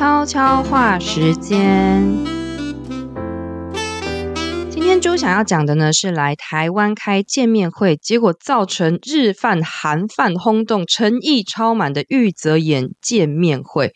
悄悄話時間。今天啾想要講的呢，是來台灣開見面會，結果造成日飯、韓飯轟動，誠意超滿的玉澤演見面會。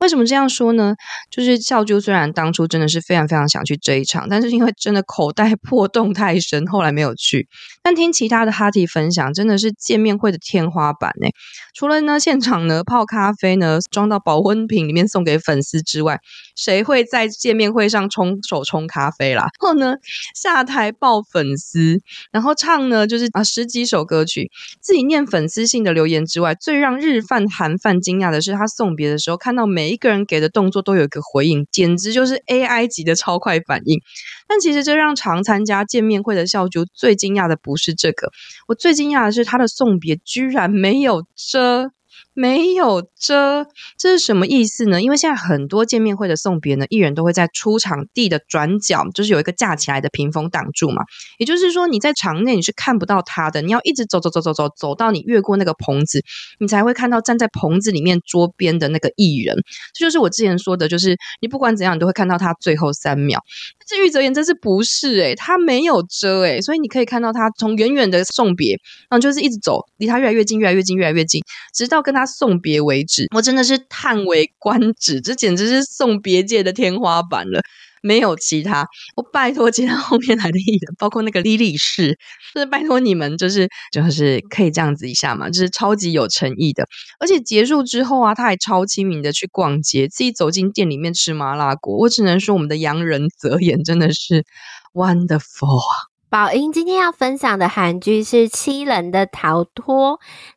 為什麼這樣說呢？就是小啾雖然當初真的是非常非常想去這一場，但是因為真的口袋破洞太深，後來沒有去。但聽其他的哈提分享，真的是見面會的天花板呢、欸。除了呢現場呢泡咖啡呢裝到保溫瓶裡面送給粉絲之外，誰會在見面會上沖手沖咖啡啦？然後呢，下台抱粉絲，然後唱呢，就是啊十幾首歌曲，自己念粉絲信的留言之外，最讓日飯韓飯驚訝的是，他送別的時候看到每一個人給的動作都有一個回應，簡直就是 AI 級的超快反應。但其實這讓常參加見面會的小啾最驚訝的不是這個，我最驚訝的是他的送別居然沒有遮。沒有遮，這是什麼意思呢？因為現在很多見面會的送別人呢，藝人都會在出場地的轉角，就是有一個架起來的屏風擋住嘛。也就是說，你在場內你是看不到他的，你要一直走走走走走，走到你越過那個棚子，你才會看到站在棚子裡面桌邊的那個藝人。這就是我之前說的，就是你不管怎樣，你都會看到他最後三秒。這玉澤演真是不是誒、欸，他沒有遮誒、欸。所以你可以看到他從遠遠的送別，然後就是一直走，離他越來越近，越來越近，越來越近，直到跟他送別為止。我真的是嘆為觀止，這簡直是送別界的天花板了。沒有其他，我拜託其他後面來的藝人，包括那個莉莉是，就是拜託你們，就是就是可以這樣子一下嘛，就是超級有誠意的。而且結束之後啊，他還超親民的去逛街，自己走進店裡面吃麻辣鍋。我只能說，我們的洋人澤演真的是 wonderful 啊。寶英今天要分享的韓劇是《七人的逃脫》，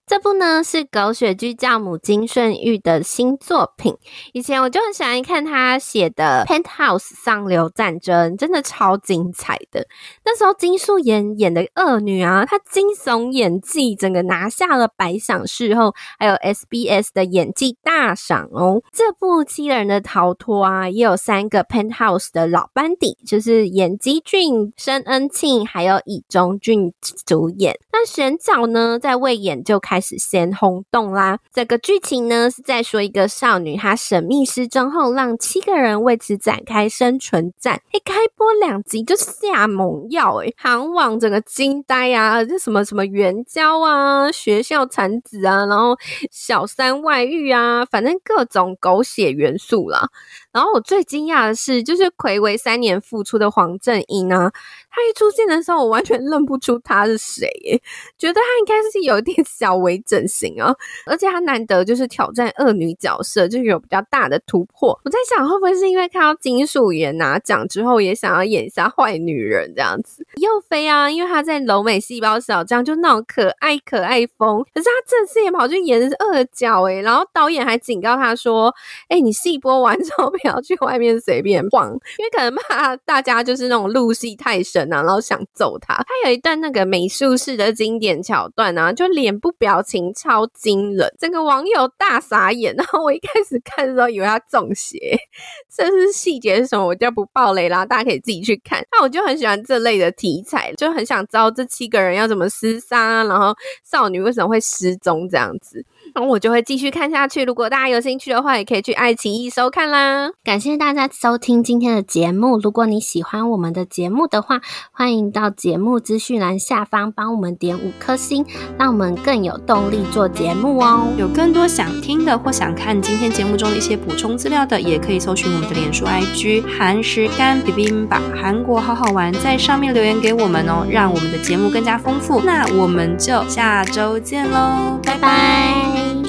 這部呢是狗血劇教母金順玉的新作品。以前我就很喜歡看她寫的《Penthouse 上流戰爭》，真的超精彩的。那時候金素妍演的惡女啊，她驚悚演技整個拿下了百想視後，還有 SBS 的演技大賞哦。這部《七人的逃脫》啊，也有三個 Penthouse 的老班底，就是嚴基俊、申恩慶。還有以中俊主演。那選角呢，在未演就開始先轟動啦。整個劇情呢是在說一個少女，她神秘失蹤後，讓七個人為此展開生存戰。一、欸、開播兩集就下猛藥，欸，哎，韓網整個驚呆啊！就什麼什麼援交啊，學校產子啊，然後小三外遇啊，反正各種狗血元素啦。然後我最驚訝的是，就是睽違三年復出的黃正英呢、啊，他一出現的時候，我完全認不出他是誰覺得她應該是有一點小微整形哦、啊，而且她難得就是挑戰惡女角色，就有比較大的突破。我在想，會不會是因為看到金素妍拿、啊、獎之後，也想要演一下壞女人這樣子？又飛啊，因為她在柔美細胞小將就那種可愛可愛風，可是她這次也跑去演的是惡角誒、欸，然後導演還警告她說：“誒、欸，你戲播完之後不要去外面隨便逛，因為可能怕大家就是那種入戲太深啊，然後想揍她。”她有一段那個美術室的。經典橋段啊，就臉部表情超驚人，整個網友大傻眼。然後我一開始看的時候以為他中邪，這是細節是什麼，我就不爆雷啦，大家可以自己去看。那我就很喜歡這類的題材，就很想知道這七個人要怎麼廝殺啊，然後少女為什麼會失蹤這樣子，然後我就會繼續看下去。如果大家有興趣的話，也可以去愛奇藝收看啦。感謝大家收聽今天的節目。如果你喜歡我們的節目的話，歡迎到節目資訊欄下方幫我們點。點五顆星，讓我們更有動力做節目哦。有更多想聽的或想看今天節目中的一些補充資料的，也可以搜尋我們的臉書 IG 韓食柑 bibimbap 吧韓國好好玩，在上面留言給我們哦，讓我們的節目更加豐富。那我們就下周見嘍，拜拜。Bye bye